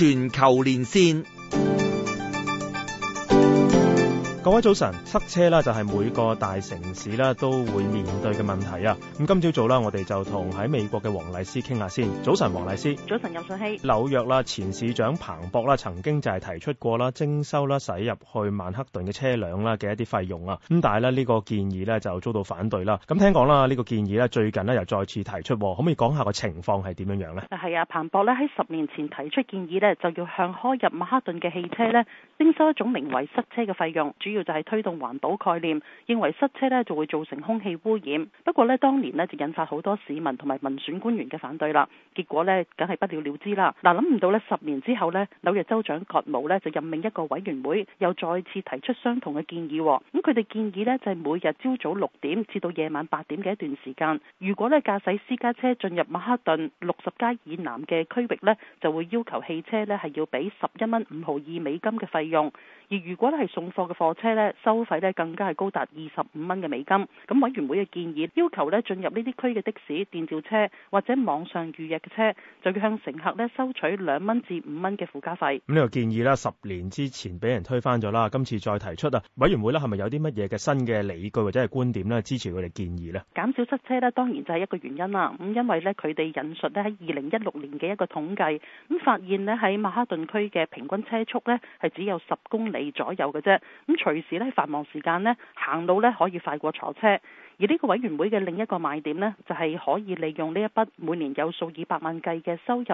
全球連線。各位早晨，塞車啦就係每個大城市啦都會面對嘅問題啊！咁今朝早啦，我哋就同喺美國嘅黃麗施傾下先。早晨，黃麗施。早晨，任順熙。紐約啦，前市長彭博啦曾經就係提出過啦徵收啦駛入去曼克頓嘅車輛啦嘅一啲費用啊！咁但係咧呢個建議呢就遭到反對啦。咁聽講啦呢個建議呢最近呢又再次提出，可唔可以講下個情況係點樣樣呢？係啊，彭博呢喺十年前提出建議呢，就要向開入曼克頓嘅汽車呢徵收一種名為塞車嘅費用。主要就係推動環保概念，認為塞車就會造成空氣污染。不過咧，當年就引發好多市民同埋民選官員嘅反對啦，結果呢梗係不了了之啦。嗱，諗唔到十年之後呢，紐約州長葛姆就任命一個委員會，又再次提出相同嘅建議。咁佢哋建議呢就係每日朝早六點至到夜晚八點嘅一段時間，如果呢駕駛私家車進入馬克頓六十街以南嘅區域呢，就會要求汽車呢係要俾十一蚊五毫二美金嘅費用。而如果咧係送貨嘅貨車車咧收費咧更加係高達二十五蚊嘅美金。咁委員會嘅建議要求咧進入呢啲區嘅的士、電召車或者網上預約嘅車，就要向乘客咧收取兩蚊至五蚊嘅附加費。咁呢個建議咧十年之前俾人推翻咗啦，今次再提出啊。委員會咧係咪有啲乜嘢嘅新嘅理據或者係觀點咧支持佢哋建議咧？減少塞車咧當然就係一個原因啦。咁因為咧佢哋引述咧喺二零一六年嘅一個統計，咁發現咧喺曼哈頓區嘅平均車速咧係只有十公里左右嘅啫。咁隨時咧繁忙時間咧，行路咧可以快過坐車。而呢個委員會嘅另一個賣點呢，就係可以利用呢一筆每年有數以百萬計嘅收入，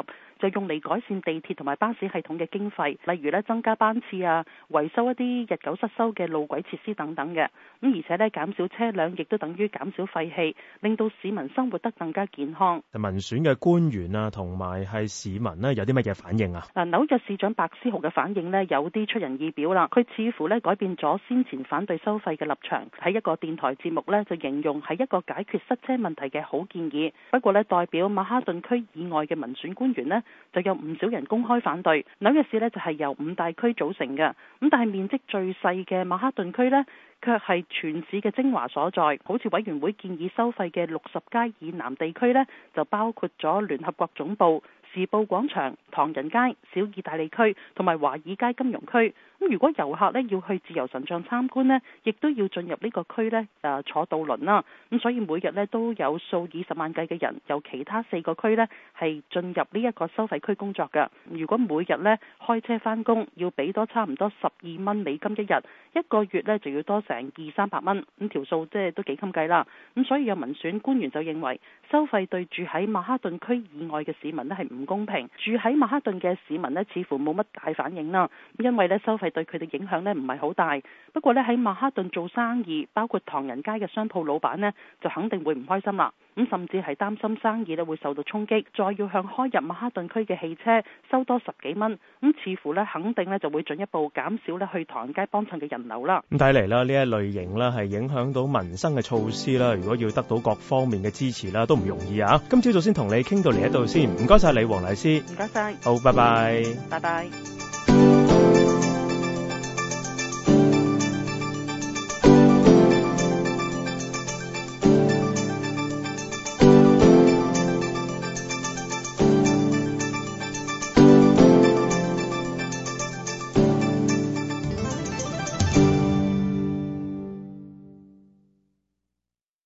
就用嚟改善地鐵同埋巴士系統嘅經費，例如呢增加班次啊，維修一啲日久失修嘅路軌設施等等嘅。咁而且呢，減少車輛，亦都等於減少廢氣，令到市民生活得更加健康。民選嘅官員啊，同埋係市民呢，有啲乜嘢反應啊？嗱，紐約市長白思豪嘅反應呢，有啲出人意表啦。佢似乎呢改變咗先前反對收費嘅立場，喺一個電台節目呢，就認用係一個解決塞車問題嘅好建議，不過呢代表曼哈頓區以外嘅民選官員呢，就有唔少人公開反對。紐約市呢就係、是、由五大區組成嘅，咁但係面積最細嘅曼哈頓區呢，卻係全市嘅精華所在。好似委員會建議收費嘅六十街以南地區呢，就包括咗聯合國總部。時報廣場、唐人街、小意大利區同埋華爾街金融區，咁如果遊客要去自由神像參觀呢，亦都要進入呢個區呢，誒，坐渡輪啦。咁所以每日都有數以十萬計嘅人由其他四個區呢係進入呢一個收費區工作㗎。如果每日呢開車返工要俾多差唔多十二蚊美金一日，一個月呢就要多成二三百蚊，咁條數即係都幾襟計啦。咁所以有民選官員就認為收費對住喺曼哈頓區以外嘅市民呢係唔。公平。住喺曼哈頓嘅市民呢似乎冇乜大反應啦，因為咧收費對佢哋影響咧唔係好大。不過咧喺曼哈頓做生意，包括唐人街嘅商鋪老闆呢，就肯定會唔開心啦。咁甚至係擔心生意咧會受到衝擊，再要向開入馬哈頓區嘅汽車收多十幾蚊，咁似乎咧肯定咧就會進一步減少咧去唐人街幫襯嘅人流啦。咁睇嚟啦，呢一類型咧係影響到民生嘅措施啦，如果要得到各方面嘅支持啦，都唔容易啊！今朝早先同你傾到嚟呢度先，唔該晒你，黃麗施。唔該晒。好，拜拜。拜拜。